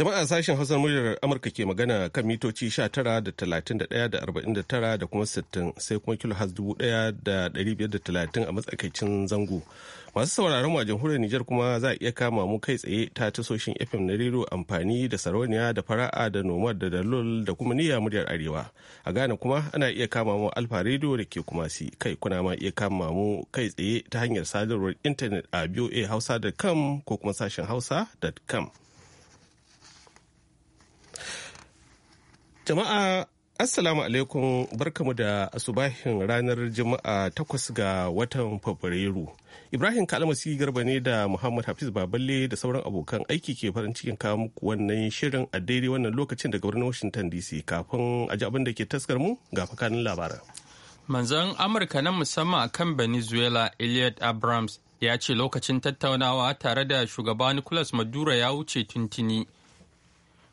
Jama'a sashen Hausar muryar Amurka ke magana kan mitoci 19 da 31 da 49 da kuma 60 sai kuma kilohaz 1530 a matsakaicin zango. Masu sauraron wajen jamhuriyar Nijar kuma za a iya kama mu kai tsaye ta tasoshin FM na rero amfani da sarauniya da fara'a da nomad da dalol da kuma niyya muryar arewa. A Ghana kuma ana iya kama mu alfa rediyo da ke kuma si kai kuna ma iya kama mu kai tsaye ta hanyar sadarwar intanet a voahausa.com ko kuma sashen hausa.com. Jama'a Assalamu alaikum barkamu da asubahin ranar Juma'a takwas ga watan Fabrairu. Ibrahim Kalmasi Garba ne da Muhammad Hafiz Baballe da sauran abokan aiki ke farin cikin kawo muku wannan shirin a daidai wannan lokacin daga birnin Washington DC kafin a ji abin da ke taskar mu ga fakanin labaran. Manzon Amurka na musamman kan Venezuela Elliot Abrams ya ce lokacin tattaunawa tare da shugaba Nicolas Maduro ya wuce tuntuni.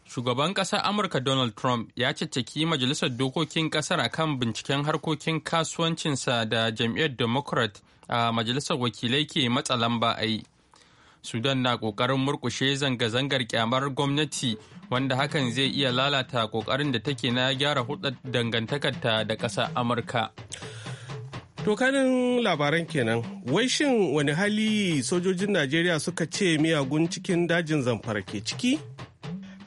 Shugaban ƙasar Amurka Donald Trump ya caccaki Majalisar Dokokin ƙasar a kan binciken harkokin kasuwancinsa da jam'iyyar Democrat a Majalisar Wakilai ke matsa lamba a yi. Sudan na ƙoƙarin murƙushe zanga-zangar kyamar gwamnati wanda hakan zai iya lalata ƙoƙarin da take na gyara hudar dangantakarta da ƙasar Amurka. tokanin labaran kenan, wai shin wani hali sojojin Najeriya suka ce miyagun cikin dajin zamfara ke ciki?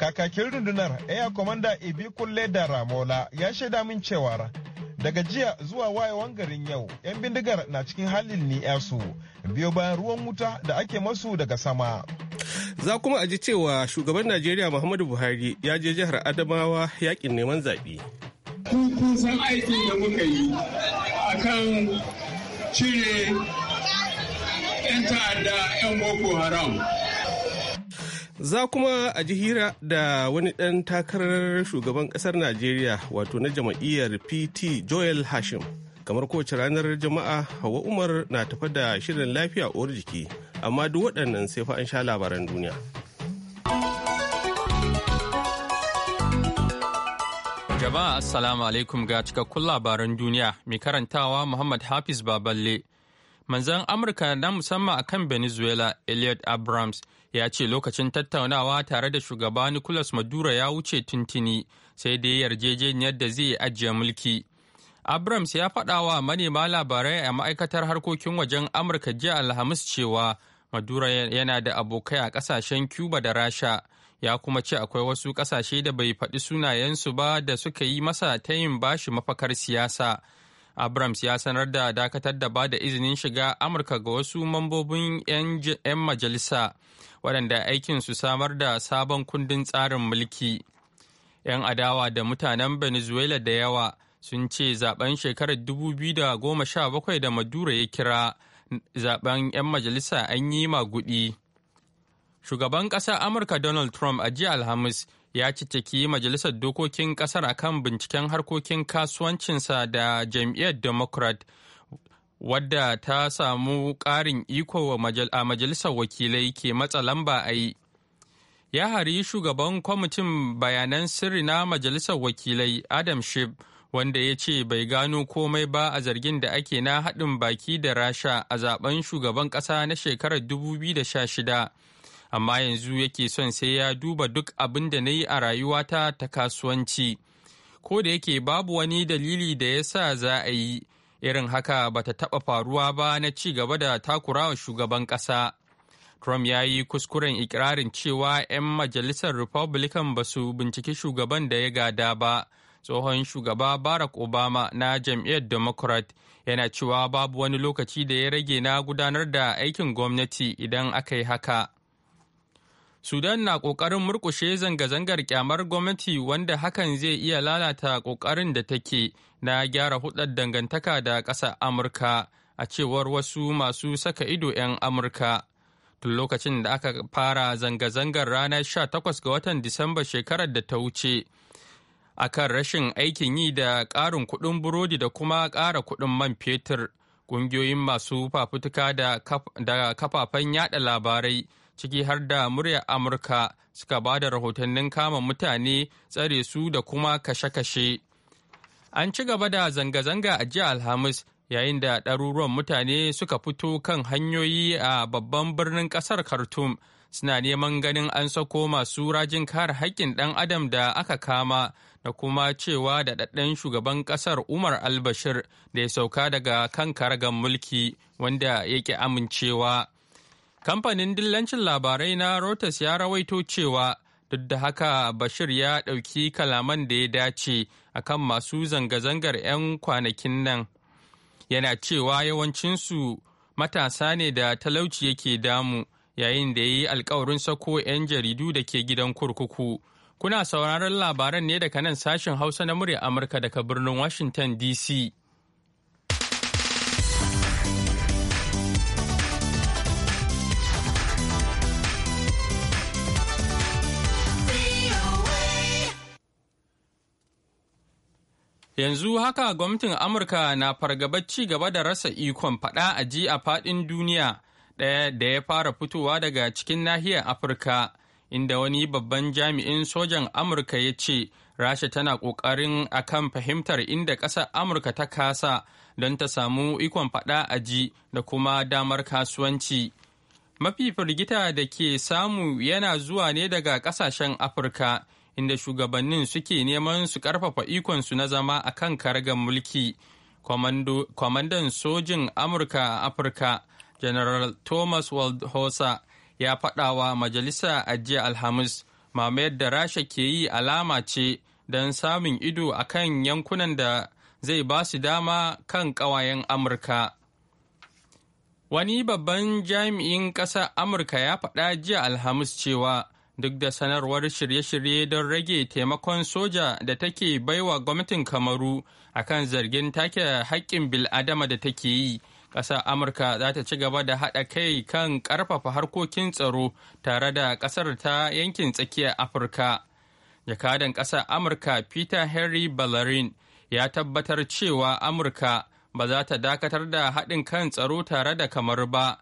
Kakakin rundunar Air Commander Ibi Kulle da Ramola ya shaida min cewa daga jiya zuwa wayewan garin yau 'yan bindigar na cikin halin ni su biyo bayan ruwan wuta da ake masu daga sama. Za kuma a ji cewa shugaban Najeriya Muhammadu Buhari ya je jihar Adamawa yakin neman zaɓe. kun san aiki da muka yi a cire 'yan ta'adda 'yan boko haram Za kuma a ji hira da wani ɗan takarar shugaban ƙasar Najeriya wato na jama'iyyar PT Joel Hashim. Kamar kowace ranar jama'a Hawa Umar na tafa da shirin lafiya uwar jiki, amma duk waɗannan sai fa an sha labaran duniya. Jama'a Assalamu alaikum ga cikakkun labaran duniya mai karantawa Muhammad Hafiz Baballe. manzan amurka na musamman a kan venezuela elliot abrams ya ce lokacin tattaunawa tare da shugaba nicolas maduro ya wuce tuntuni sai dai yarjejeniyar da zai ajiye mulki abrams ya faɗa wa manema labarai a ma'aikatar harkokin wajen amurka jiya alhamis cewa maduro yana da abokai a ƙasashen cuba da rasha ya kuma ce akwai wasu ƙasashe da bai faɗi sunayensu ba da suka yi masa ta yin bashi mafakar siyasa abrams ya sanar da dakatar da ba da izinin shiga amurka ga wasu mambobin 'yan majalisa waɗanda aikin su samar da sabon kundin tsarin mulki 'yan adawa da mutanen venezuela da yawa sun ce zaben shekarar 2017 da madura ya kira zaben 'yan majalisa an yi magudi shugaban ƙasar amurka donald trump a jiya alhamis ya cicciki majalisar dokokin kasar kan binciken harkokin kasuwancinsa da jam'iyyar democrat wadda ta samu ƙarin iko a majalisar wakilai ke matsa lamba a yi ya hari shugaban kwamitin bayanan sirri na majalisar wakilai adam shib wanda ya ce bai gano komai ba a zargin da ake na haɗin baki da rasha a zaben shugaban ƙasa na shekarar 2016 amma yanzu yake son sai ya duba duk abin da na yi a rayuwata ta kasuwanci ko da yake babu wani dalili da ya sa za a yi irin haka ba ta taɓa faruwa ba na ci gaba da takura wa shugaban ƙasa trump ya yi kuskuren ikirarin cewa 'yan majalisar republican ba su binciki shugaban da ya gada ba tsohon shugaba barack obama na jam'iyyar democrat yana cewa babu wani lokaci da ya rage na gudanar da aikin gwamnati idan aka yi haka Sudan na ƙoƙarin murƙushe zanga-zangar kyamar gwamnati wanda hakan zai iya lalata ƙoƙarin da take na gyara hudar dangantaka da ƙasa Amurka a cewar wasu masu saka ido 'yan Amurka. Tun lokacin da aka fara zanga-zangar ranar 18 ga watan Disamba shekarar da ta wuce. A kan rashin aikin yi da ƙarin kuɗin burodi da kuma ƙara kuɗin man fetur, ƙungiyoyin masu fafutuka da kafafen yada labarai ciki har da muryar Amurka suka ba da rahotannin kama mutane tsare su da kuma kashe-kashe. An ci gaba da zanga-zanga a jiya Alhamis yayin da ɗaruruwan mutane suka fito kan hanyoyi a babban birnin ƙasar Khartoum suna neman ganin an sako masu rajin kare haƙƙin ɗan adam da aka kama da kuma cewa da ɗaɗɗen shugaban ƙasar Umar Albashir da ya sauka daga kan karagan mulki wanda yake amincewa. Kamfanin dillancin labarai na Reuters ya rawaito cewa duk da haka Bashir ya ɗauki kalaman da ya dace a kan masu zanga-zangar 'yan kwanakin nan. Yana cewa yawancinsu matasa ne da talauci yake damu yayin da ya yi alkawarin sako 'yan jaridu da ke gidan kurkuku. Kuna sauraron labaran ne daga nan sashen Hausa na murya Amurka daga birnin Washington DC. Yanzu haka gwamnatin Amurka na fargabar ci gaba da rasa ikon faɗa a ji a faɗin duniya ɗaya da ya fara fitowa daga cikin nahiyar Afirka, inda wani babban jami'in sojan Amurka ya ce, Rasha tana ƙoƙarin akan fahimtar inda ƙasar Amurka ta kasa don ta samu ikon faɗa a ji da kuma damar kasuwanci. Mafi firgita da ke samu yana zuwa ne daga ƙasashen Afirka. inda shugabannin suke neman su karfafa ikonsu na zama a kan kargan mulki kwamandan sojin amurka a afirka general thomas waldhosa ya faɗa wa majalisa a jiya alhamis mamayar da rasha ke yi alama ce don samun ido a kan yankunan da zai ba su dama kan ƙawayen amurka wani babban jami'in ƙasar amurka ya faɗa jiya alhamis cewa duk da sanarwar shirye-shirye don rage taimakon soja da take baiwa gwamnatin kamaru a kan zargin take haƙƙin bil'adama da take yi ƙasa amurka za ta ci gaba da haɗa kai kan ƙarfafa harkokin tsaro tare da ƙasar ta yankin tsakiyar afirka jakadan ƙasar amurka peter henry ballarin ya tabbatar cewa amurka ba za ta dakatar da haɗin kan tsaro tare da kamar ba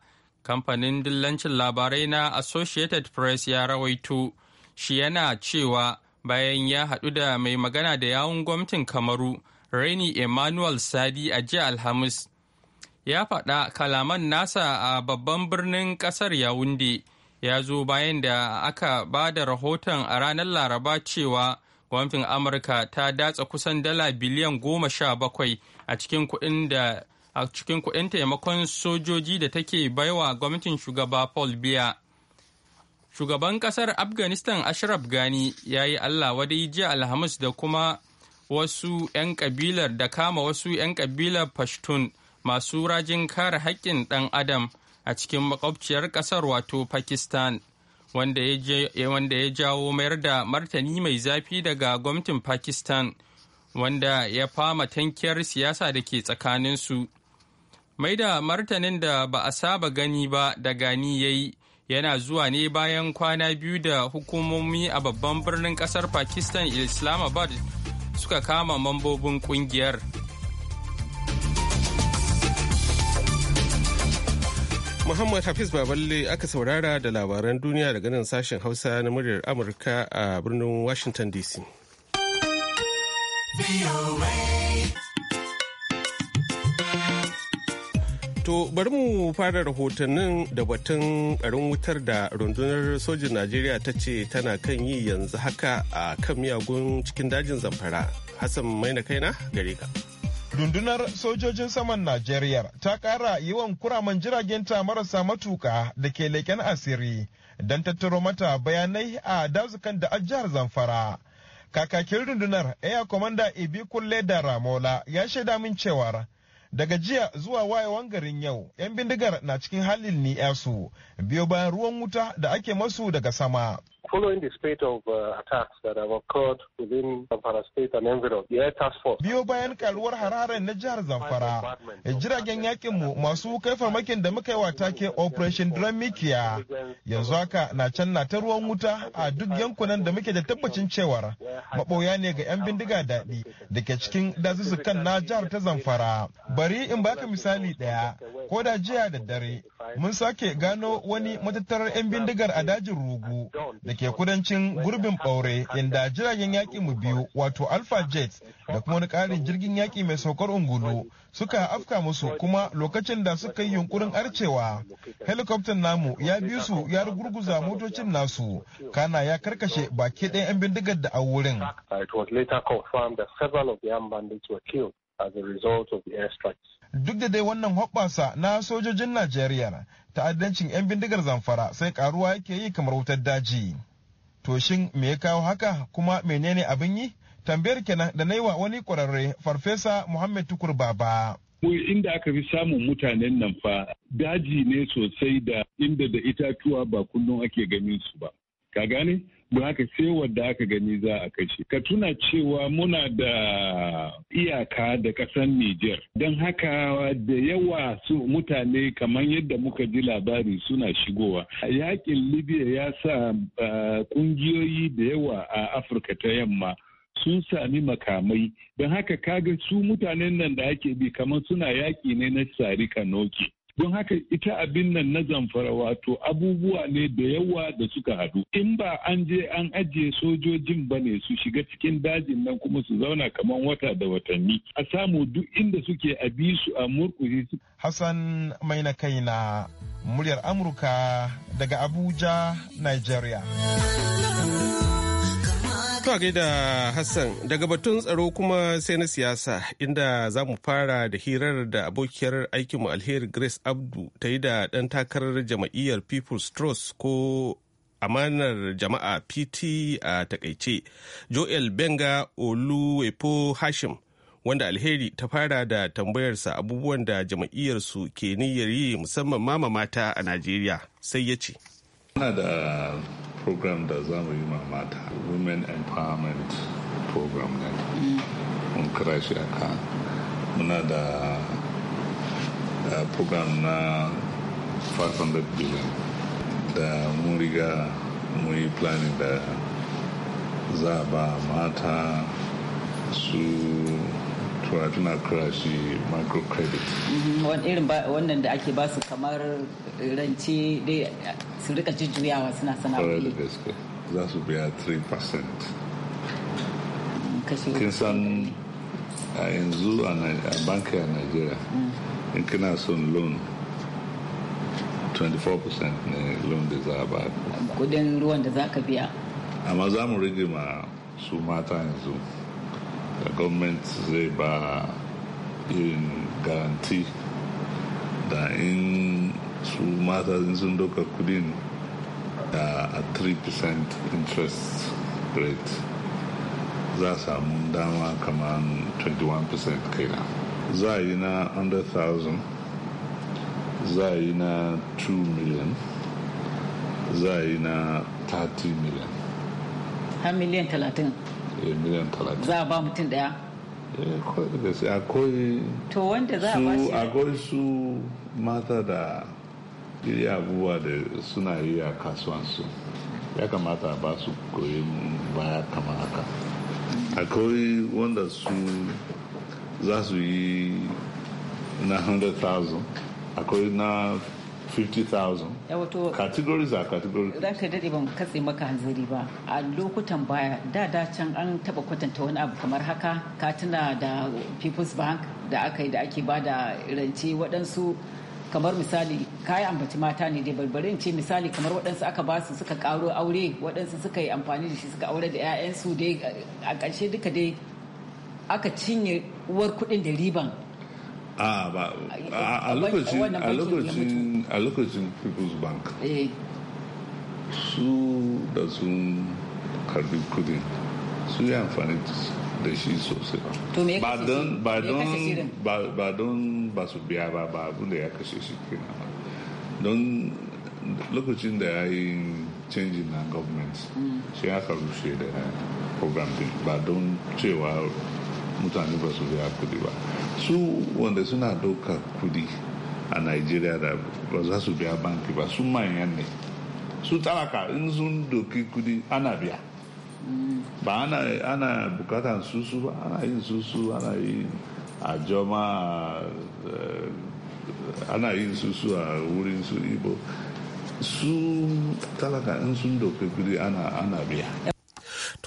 kamfanin dillancin labarai na associated press ya rawaito shi yana cewa bayan ya haɗu da mai magana da yawun gwamnatin kamaru raini emmanuel sadi a jiya alhamis ya faɗa kalaman nasa a babban birnin ƙasar yawunde ya zo bayan da aka ba da rahoton a ranar laraba cewa gwamnatin amurka ta datsa kusan dala biliyan goma sha bakwai a cikin kuɗin da a cikin kuɗin taimakon sojoji da take baiwa gwamnatin shugaba Paul Biya. Shugaban ƙasar Afghanistan Ashraf Ghani ya yi Allah wadai jiya Alhamis da kuma wasu 'yan kabilar da kama wasu 'yan kabilar Pashtun masu rajin kare haƙƙin ɗan Adam a cikin makwabciyar ƙasar wato Pakistan. wanda ya jawo mayar da martani mai zafi daga gwamnatin pakistan wanda ya fama tankiyar siyasa da ke tsakaninsu mai da martanin da ba a saba gani ba da gani ya yi yana zuwa ne bayan kwana biyu da hukumomi a babban birnin kasar pakistan islamabad suka kama mambobin kungiyar muhammad hafiz baballe aka saurara da labaran duniya daga nan sashen hausa na muryar amurka a birnin washington dc To bari mu fara rahotannin da batun karin wutar da rundunar sojin Najeriya ta ce tana kan yi yanzu haka a kan miyagun cikin dajin zamfara. Hassan maina kaina gare ka. Dundunar sojojin saman Najeriya ta ƙara yawan kuraman jiragenta marasa matuka da ke leƙen asiri don tattaro mata bayanai a dazukan da ajiyar zamfara. Kakakin rundunar Air Commander Ibi Kulle da Ramola ya shaida min cewar Daga jiya zuwa wayewan garin yau, 'yan bindigar na cikin halin ni'yasu biyo bayan ruwan wuta da ake masu daga sama. following the spate of uh, attacks that have occurred within Zamfara state and the air task force. Biyo bayan karuwar hararen na jihar Zamfara, jiragen yakin mu masu kai farmakin da muka yi wa take Operation Dramikiya yanzu haka na can na ta ruwan wuta a duk yankunan da muke da tabbacin cewar maboya ne ga 'yan bindiga daɗi da ke cikin dazuzzukan na jihar ta Zamfara. Bari in baka misali ɗaya, ko da jiya da dare mun sake gano wani matattarar 'yan bindigar a dajin Rugu da ke kudancin gurbin ɓaure inda jiragen yaƙi mu biyu wato alpha jet da kuma wani ƙarin jirgin yaƙi mai saukar ungulu suka afka musu kuma lokacin da suka yi yunkurin arcewa helikoftan namu ya bi su ya gurguza motocin nasu kana ya karkashe baki ɗayan 'yan bindigar da a wurin. as a Duk da dai wannan hoɓɓasa na sojojin Najeriya ta'addancin 'yan bindigar zamfara sai karuwa yake yi kamar wutar daji. To me ya kawo haka kuma menene abin yi? Tambayar kenan da na yi wa wani kwararre Farfesa Muhammad Tukur Baba. inda aka fi samun mutanen nan fa daji ne sosai da inda da itatuwa ba kullum ake ganin su ba ka gane don haka sai wadda aka gani za a kashe ka tuna cewa muna da iyaka da ƙasar niger don haka da yawa su mutane kamar yadda muka ji labari suna shigowa yakin libya ya sa eh, ƙungiyoyi da yawa a afirka ta yamma sun sami makamai don haka kaga su mutanen nan da ake bi kamar suna yaƙi ne na tsari kanoki don haka ita abin nan na zamfara wato abubuwa ne da yawa da suka hadu in ba an je an ajiye sojojin ba ne su shiga cikin dajin nan kuma su zauna kamar wata da watanni a samu duk inda suke a bi su a murkushe su hassan mai na kai na muryar amurka daga abuja nigeria To da Hassan daga batun tsaro kuma sai na siyasa inda za mu fara da hirar da abokiyar aikinmu alheri Grace Abdu ta yi da ɗan takarar jama'iyyar People's Trust ko amanar jama'a PT a takaice Joel Benga Oluwepo Hashim wanda alheri ta fara da tambayarsa abubuwan da jama'iyyarsu ke niyyar yi musamman mama mata a Najeriya sai ya ce. Muna da program da za mu yi ma mata women empowerment program ne mun kira shi aka muna da program na 500 billion da mun riga mun yi planning da za ba mata su so tana kira shi microcredit mhm, wannan da ake basu kamar rance dai su rika jujjuyawa suna sana'o'i za su biya 3% mm, kin san a yanzu a banki a nigeria mm. in kina son loan 24% ne loan da za a ba kudin ruwan da za ka biya amma za mu rage ma su mata yanzu da gwamnati zai ba irin garanti da in su mata sun doka kudin da a 3% interest rate za samu dama kamar 21% kaina za yi na 100,000 za yi na 2 million za yi na 30 million 30 miliyan talatin za a ba mutum daya eh, akwai to wanda za a ba akwai su mata da iri abubuwa da suna yi a kasuwansu ya kamata ba su koyi baya kama haka akwai wanda su za su yi na 100,000 akwai na 50,000 categories are categories za ka daɗe ban katse maka hanzari ba a lokutan baya da da can an taba kwatanta wani abu kamar haka ka tuna da people's bank da aka yi da ake ba da rance waɗansu kamar misali kayi ambaci mata ne dai barbarin ce misali kamar waɗansu aka ba su suka karo aure waɗansu suka yi amfani da shi suka aure da 'ya'yansu dai a ƙarshe duka dai aka cinye uwar kuɗin da riban Ah, ah, ah, a lokacin a people's bank eh. su da sun karbi kudin su yi amfani da shi sosai ba don ba don don ba su biya ba ba abin da ya kashe shi kenan don lokacin da ya yi canji na government mm. shi ya karbi da program din ba don cewa mutane ba su biya kudi ba su wanda suna doka kudi a nigeria da ba za su biya banki ba su manyan ne su talaka in sun doki kudi ana biya ba ana bukata bukatan susu ba ana yin susu ana yi a joma eh, ana yin susu a wurin su ibo su talaka in sun doki kudi ana biya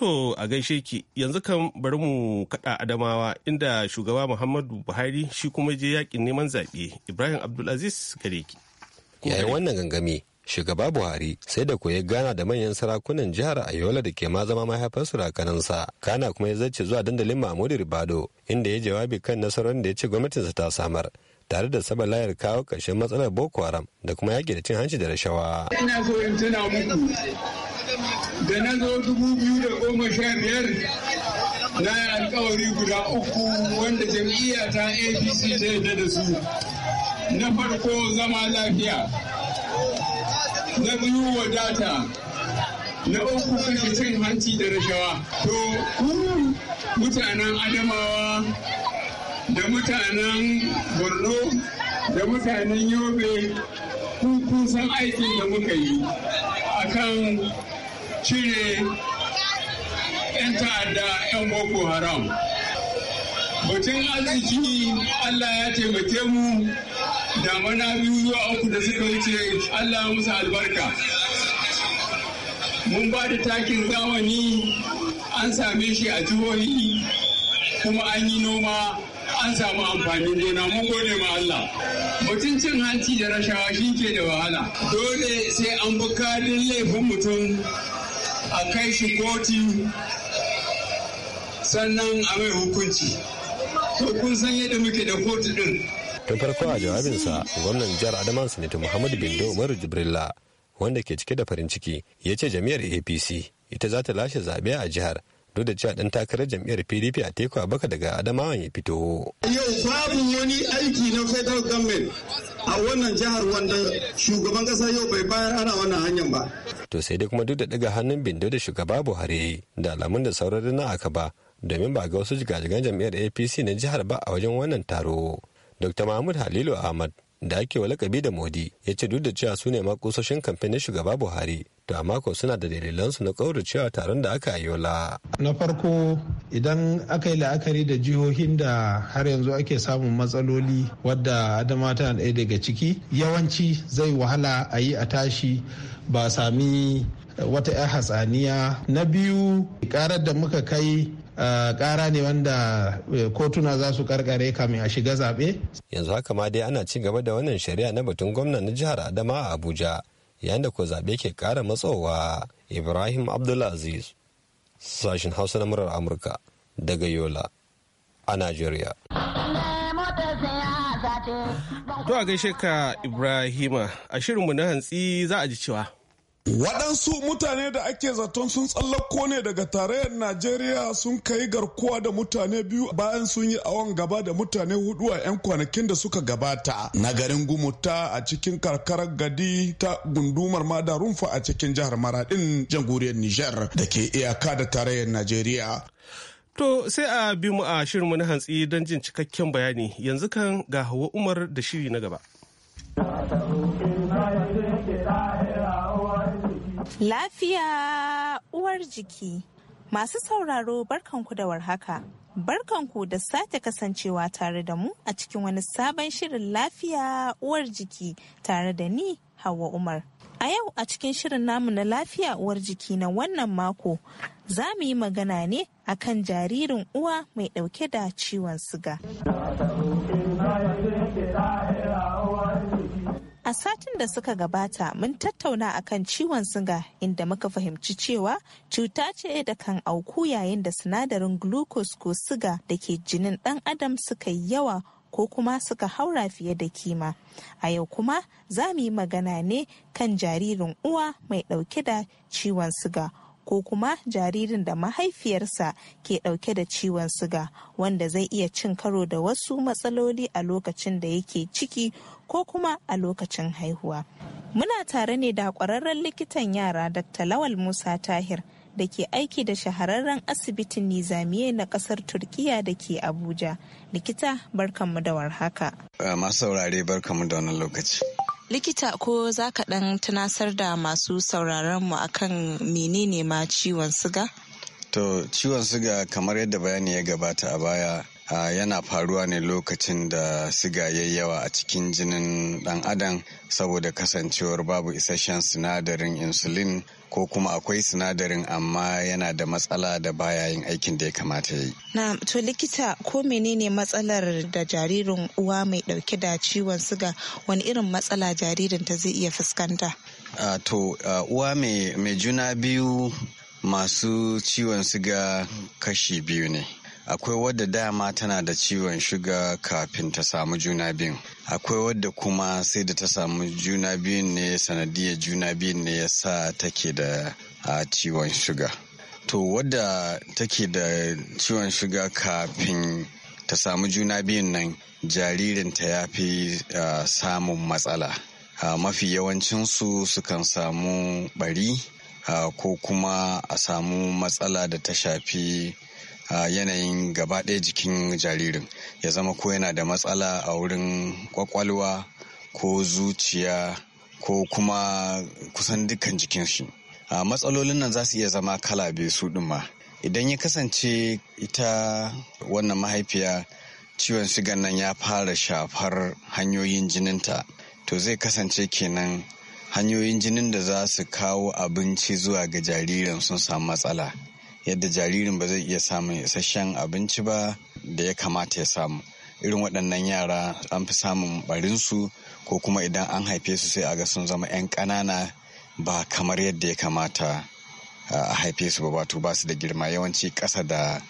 To a gaishe ki yanzu kan bari mu kada Adamawa inda shugaba Muhammadu Buhari shi kuma je yakin neman zaɓe Ibrahim Abdulaziz gare ki. Yayin wannan gangami shugaba Buhari sai da ya gana da manyan sarakunan jihar Ayola da ke ma zama mahaifar surakanansa kana kuma ya zace zuwa dandalin Mahmudu Ribado inda ya jawabi kan nasarar da ya ce gwamnatinsa ta samar. tare da saba layar kawo ƙarshen matsalar boko haram da kuma yaƙi da cin hanci da rashawa. da na zo dubu biyu da goma sha biyar na yi alkawari guda uku wanda jam'iyya ta apc zai da da su na farko zama lafiya na biyu wadata na uku kashe cin hanci da rashawa to mutanen adamawa da mutanen borno da mutanen yobe kun san aikin da muka yi akan shine 'yan ta'adda 'yan boko haram batun arziki allah ya taimake mu da mana biyu zuwa uku da suka wuce allah musu albarka mun ba da takin zamani an same shi a jihohi kuma an yi noma an samu amfanin gona mun gode ma Allah. Mutum cin hanci da rashawa shi ke da wahala. Dole sai an bi kadin laifin mutum kai shi koti sannan a mai hukunci to kun san yadda muke da kotu din tun farko a jawabinsa gwamnan jihar adama sanata muhammadu bindo umaru jibrilla wanda ke cike da farin ciki ya ce jami'ar apc ita za ta lashe zaɓe a jihar duk da cewa dan takarar jam'iyyar pdp a teku baka daga adamawa ya fito yau babu wani aiki na federal government a wannan jihar wanda shugaban kasa yau bai bayar ana wannan hanyar ba to sai dai kuma duk da daga hannun bindo da shugaba buhari da alamun da sauran na aka ba domin ba ga wasu jigajigan jam'iyyar apc na jihar ba a wajen wannan taro dr mahmud halilu ahmad da ake wa lakabi da modi ya ce duk da cewa su ne makusoshin kamfe shugaba buhari da mako suna da dalilansu na ƙauracewa taron da aka yola. na farko idan aka yi la'akari da jihohin da har yanzu ake samun matsaloli wadda adama tana ɗaya daga ciki yawanci zai wahala a yi a tashi ba sami wata 'yan hatsaniya na biyu karar da muka kai kara ne wanda e, kotuna za su karkare kamin a shiga zaɓe. yanzu haka ma dai ana ci gaba da wannan shari'a na batun gwamna na jihar adama a abuja yayin da ko zaɓe ke ƙara matsowa ibrahim abdulaziz sashen hausa na murar amurka daga yola a najeriya to a gaishe ka ibrahima a shirinmu na hantsi za a ji cewa Waɗansu mutane da ake zaton sun tsallako ne daga tarayyar Najeriya sun kai garkuwa da mutane biyu bayan sun yi awon gaba da mutane hudu a 'yan kwanakin da suka gabata. Na garin Gumuta a cikin karkarar gadi ta gundumar Mada rumfa a cikin jihar Maradin jamhuriyar Nijar da ke iyaka da tarayyar Najeriya. To sai a bi mu a shirinmu na hantsi don jin cikakken bayani yanzu kan ga Hawa Umar da shiri na gaba. Lafiya uwar jiki. Masu sauraro barkanku da warhaka. Barkanku da sake kasancewa tare da mu a cikin wani sabon shirin lafiya uwar jiki tare da ni Hawa Umar. A yau a cikin shirin namu na lafiya uwar jiki na wannan mako za mu yi magana ne a kan jaririn uwa mai ɗauke da ciwon siga. A satin da suka gabata mun tattauna akan ciwon siga inda muka fahimci cewa cuta ce da kan auku yayin da sinadarin glucose ko siga da ke jinin ɗan adam suka yi yawa ko kuma suka haura fiye da kima. A yau kuma za mu yi magana ne kan jaririn uwa mai ɗauke da ciwon siga ko kuma jaririn da mahaifiyarsa ke ɗauke da ciwon suga wanda zai iya cin karo da wasu matsaloli a lokacin da yake ciki ko kuma a lokacin haihuwa. Muna tare ne da ƙwararren likitan yara Dr. Lawal Musa Tahir da ke aiki da shahararren asibitin Nizamiye na ƙasar Turkiya da ke Abuja. Likita barkanmu da warhaka. Masu saurare barkanmu da wannan lokaci. likita ko za ka ɗan tunasar da masu sauraron mu akan menene ma ciwon siga? To ciwon siga kamar yadda bayani ya gabata a baya yana faruwa ne lokacin da siga ya yawa a cikin jinin dan adam saboda kasancewar babu isasshen sinadarin insulin ko kuma akwai sinadarin amma yana da matsala da baya yin aikin da ya kamata ya yi. Na to likita ko menene matsalar da jaririn uwa mai dauke da ciwon siga wani irin matsala jaririn ta zai iya fuskanta? to uwa mai juna biyu masu ciwon siga kashi biyu ne. akwai wadda dama tana da ciwon shuga kafin ta samu juna biyun akwai wadda kuma sai da ta samu juna biyun ne sanadiyar juna biyun ne ya sa take da ciwon shuga to wadda take da ciwon shuga kafin ta samu juna biyun nan jaririnta ya fi samun matsala mafi yawancinsu sukan samu bari ko kuma a samu matsala da ta shafi yanayin gaba ɗaya jikin jaririn ya zama ko yana da matsala a wurin kwakwalwa ko zuciya ko kuma kusan dukkan jikin shi matsalolin nan za su iya zama kala bai su ma idan ya kasance ita wannan mahaifiya ciwon sugan nan ya fara shafar hanyoyin jininta to zai kasance kenan hanyoyin jinin da za su kawo abinci zuwa ga jaririn sun samu matsala yadda jaririn ba zai iya samun isasshen abinci ba da ya kamata ya samu irin waɗannan yara an fi samun barinsu ko kuma idan an haife su sai a ga sun zama 'yan ƙanana ba kamar yadda ya kamata a haife su ba wato ba su da girma yawanci ƙasa da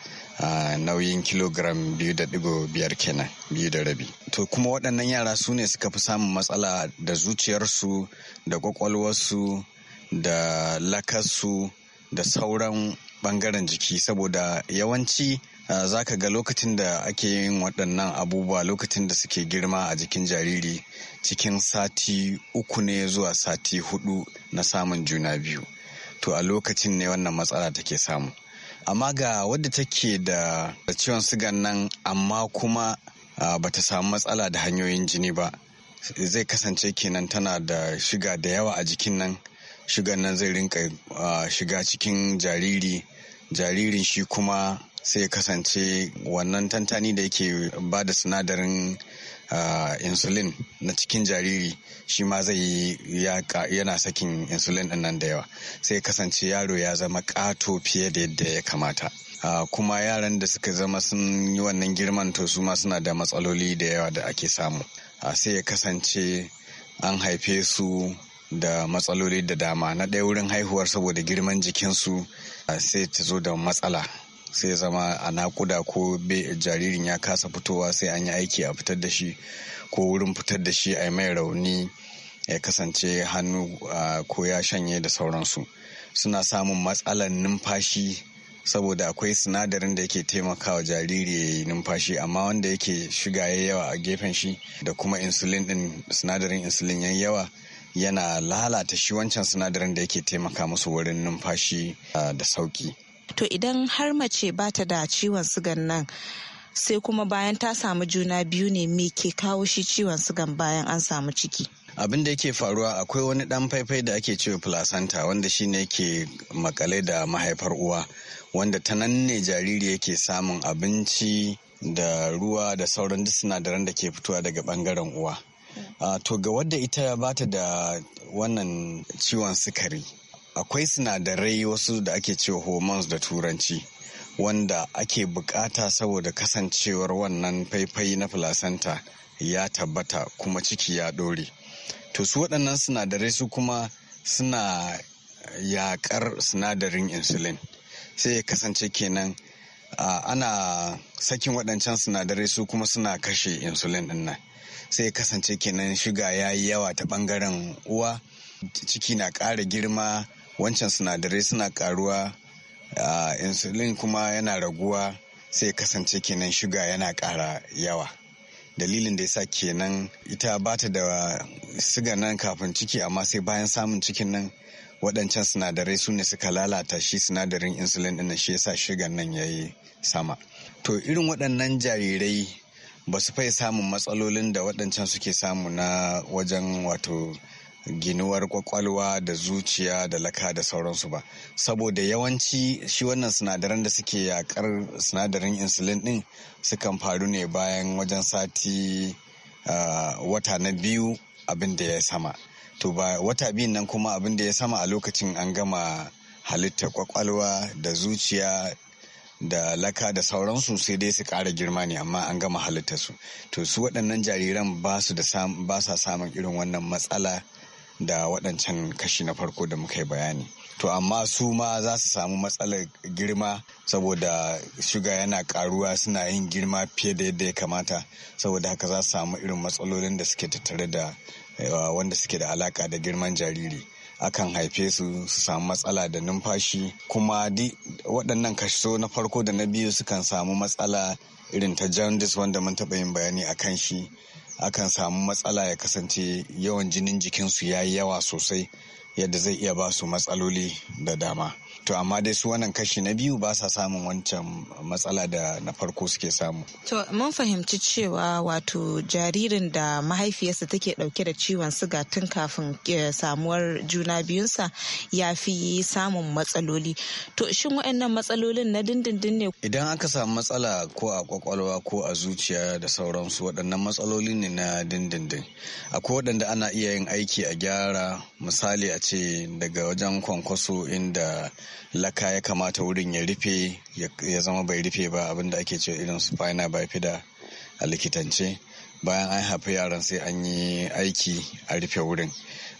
nauyin kilogram biyu da ɗigo biyar kenan biyu da rabi to kuma waɗannan yara su ne suka fi samun matsala da zuciyarsu da kwakwalwarsu da lakarsu da sauran bangaren jiki saboda yawanci za ka ga lokacin da ake yin waɗannan abubuwa lokacin da suke girma a jikin jariri cikin sati uku ne zuwa sati hudu na samun juna biyu to a lokacin ne wannan matsala take samu amma ga wadda take da ciwon sigan nan amma kuma bata samu matsala da hanyoyin jini ba zai kasance kenan tana da shiga da yawa a jikin nan shiga nan zai rinka shiga cikin jariri jaririn shi kuma sai kasance wannan tantani da yake ba da sinadarin insulin na cikin jariri shi ma zai yana sakin insulin din nan da yawa sai kasance yaro ya zama kato fiye da yadda ya kamata kuma yaran da suka zama sun yi wannan girman to su ma suna da matsaloli da yawa da ake samu sai ya kasance an haife su da matsaloli da dama na ɗaya wurin haihuwar saboda girman jikinsu sai ta zo da matsala sai zama a nakuda ko jaririn ya kasa fitowa sai an yi aiki a fitar da shi ko wurin fitar da shi a mai rauni ya kasance hannu ko ya shanye da sauransu suna samun matsalar numfashi saboda akwai sinadarin da yake taimakawa jariri ya yi numfashi amma wanda yake shiga yawa a gefen shi da kuma insulin din sinadarin insulin ya yawa yana lalata shi wancan sinadarin da yake taimaka musu wurin numfashi ah, da sauki. To idan har mace ba ta da ciwon sugan nan sai kuma bayan ta samu juna biyu ne me ke kawo shi ciwon sugan bayan an samu ciki. abin da yake faruwa akwai wani dan faifai da ake cewa placenta wanda shi ne yake makale da mahaifar uwa wanda ta nan ne jariri yake samun abinci da ruwa da sauran duk sinadaran da ke fitowa daga bangaren uwa Ah, to ga wadda ita ya bata da wannan ciwon sukari akwai sinadarai wasu da ake cewa hormones da turanci wanda ake bukata saboda kasancewar wannan faifai na placenta ya tabbata kuma ciki ya dore to su waɗannan sinadarai su kuma suna yakar sinadarin insulin sai ya kasance kenan ah, ana sakin waɗancan sinadarai su kuma suna kashe insulin ɗin nan sai ya kasance kenan shiga ya yi yawa ta bangaren uwa ciki na ƙara girma wancan sinadarai suna ƙaruwa insulin kuma yana raguwa sai kasance kenan shiga yana kara yawa dalilin da ya sa kenan ita ba ta da siga nan kafin ciki amma sai bayan samun cikin nan waɗancan sinadarai su ne suka lalata shi sinadarin insulin ɗin shi ya sa shigan nan ya yi sama to irin waɗannan jarirai ba su fai samun matsalolin da waɗancan suke samu na wajen wato ginuwar kwakwalwa da zuciya da laka da sauransu ba saboda yawanci shi wannan sinadaran da suke yakar sinadarin insulin din sukan faru ne bayan wajen sati wata na biyu abin da ya sama to ba wata biyun nan kuma abin da ya sama a lokacin an gama halittar kwakwalwa da zuciya da laka da sauransu sai dai su kara girma ne amma an gama halittarsu to su waɗannan jariran ba su da ba sa samun irin wannan matsala da waɗancan kashi na farko da muka yi bayani to amma su ma za su samu matsalar girma saboda shuga yana karuwa suna yin girma fiye da yadda ya kamata saboda haka za su samu irin matsalolin da suke tattare da eh, wanda suke da alaka da girman jariri akan haife su su samu matsala da numfashi kuma waɗannan kaso na farko da na biyu sukan samu matsala irin ta jaundice wanda mun taɓa yin bayani a kan shi akan samu matsala ya kasance yawan jinin jikinsu ya yi yawa sosai yadda zai iya ba su matsaloli da dama to amma dai su wannan kashi na biyu ba sa samun wancan matsala da na farko suke samu to mun fahimci cewa wato jaririn da mahaifiyarsa take dauke da ciwon siga tun kafin eh, samuwar juna biyunsa ya fi samun matsaloli to shin waɗannan matsalolin na dindindin ne idan aka samu matsala ko a kwakwalwa ko a zuciya da sauransu waɗannan matsaloli ne na dindindin akwai waɗanda ana iya yin aiki a gyara misali a ce daga wajen kwankwaso inda laka ya kamata wurin ya rufe ya zama bai rufe ba abinda ake ce irin su spina da a likitance bayan an haifi yaran sai an yi aiki a rufe wurin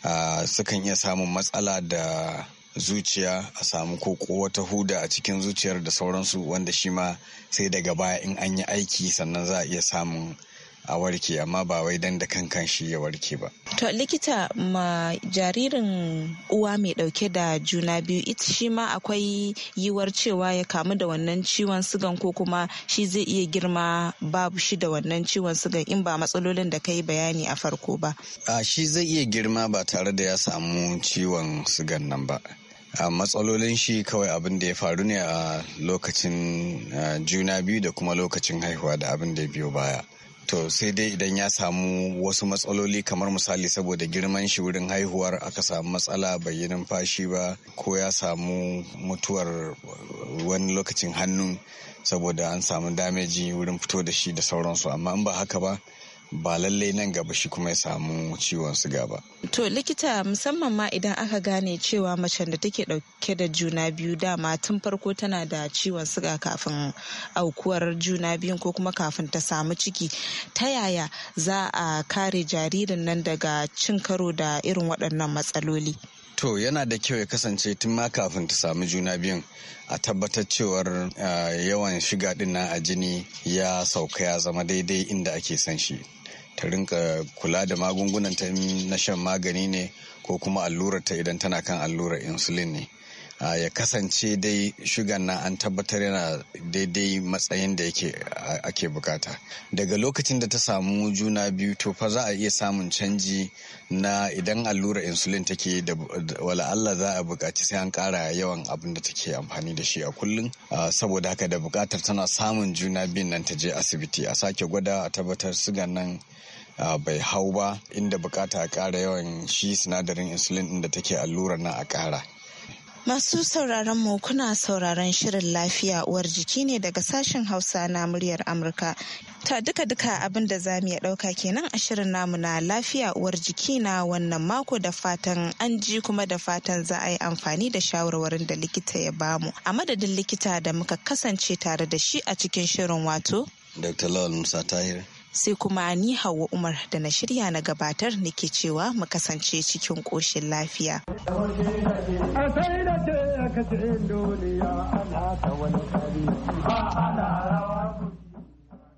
ah, sukan iya samun matsala da zuciya a samu ko wata huda a cikin zuciyar da sauransu wanda shi ma sai daga baya in an yi aiki sannan za a iya samun a warke amma ba wai dan da kan shi ya warke ba. To likita ma jaririn uwa mai dauke da juna biyu ita shi ma akwai yiwuwar cewa ya kamu da wannan ciwon sugan ko kuma shi zai iya girma babu shi da wannan ciwon sugan in ba matsalolin da ka bayani a farko ba. A shi zai iya girma ba tare da ya samu ciwon sugan nan ba. a matsalolin shi kawai abin da ya faru ne a lokacin juna biyu da kuma lokacin haihuwa da abin da ya biyo baya to sai dai idan ya samu wasu matsaloli kamar misali saboda girman shi wurin haihuwar aka samu matsala bai yi numfashi ba ko ya samu mutuwar wani lokacin hannu saboda an samu dameji wurin fito da shi da sauransu amma in ba haka ba ba lallai nan gaba shi kuma ya samu ciwon siga ba. To likita musamman ma idan aka gane cewa macen da take dauke da juna biyu dama tun farko tana da ciwon siga kafin aukuwar juna biyun ko kuma kafin ta samu ciki ta yaya za a kare jaririn nan daga cin karo da irin waɗannan matsaloli. To yana da kyau ya kasance tun ma kafin ta samu juna biyun a tabbatar cewar eh, yawan shiga dinnan a jini ya sauka ya zama daidai inda ake son shi. ta rinka kula da magungunan ta na shan magani ne ko kuma allurar ta idan tana kan allurar insulin ne ya kasance dai shugan nan an tabbatar yana daidai matsayin da yake ake bukata daga lokacin da ta samu juna biyu to fa za a iya samun canji na idan allura insulin take da wala Allah za a bukaci sai an kara yawan abin da take amfani da shi a kullum saboda haka da bukatar tana samun juna biyun nan ta je asibiti a sake gwada a tabbatar sugan nan bai hau ba inda bukata a kara yawan shi sinadarin insulin inda take allura na a kara Masu sauraron mu kuna sauraron shirin lafiya uwar jiki ne daga sashen Hausa na muryar Amurka. Ta duka-duka abin da za mu iya ɗauka kenan a shirin namu na lafiya uwar jiki na wannan mako da fatan an ji kuma da fatan za a yi amfani da shawarwarin da likita ya bamu. A madadin likita da muka kasance tare da shi a cikin shirin wato. Dr. Lawal Musa Tahir. sai kuma ni Hauwa Umar da na shirya na gabatar nake cewa mu kasance cikin ƙoshin lafiya.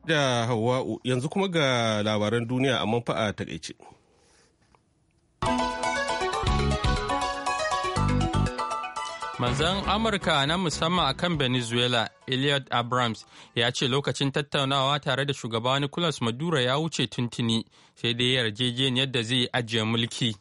Da Hauwa'u yanzu kuma ga labaran duniya amma fa'a takaice. Manzan Amurka na musamman akan Venezuela, eliot Abrams, ya ce lokacin tattaunawa tare da shugaba Nicolas Maduro ya wuce tuntuni sai dai yarjejeniyar da zai ajiye mulki.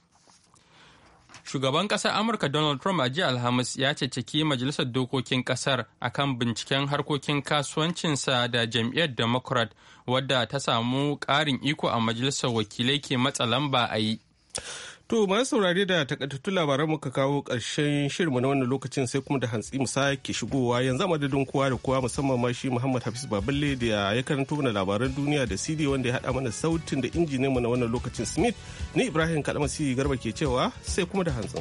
Shugaban ƙasar Amurka Donald Trump a jiya Alhamis ya ceceki Majalisar Dokokin ƙasar akan binciken harkokin kasuwancinsa da jam'iyyar Democrat wadda ta samu ƙarin iko a Majalisar Wakilai ke matsa lamba a yi. To masu saurare da takaitattu labaran muka kawo ƙarshen shirinmu na wannan lokacin sai kuma da hantsi mu sake shigowa yanzu madadin kowa da kowa musamman ma shi Muhammad Hafiz Baballe da ya karanto mana labaran duniya da CD wanda ya haɗa mana sautin da injinin mu na wannan lokacin Smith ni Ibrahim Kalmasi Garba ke cewa sai kuma da hantsi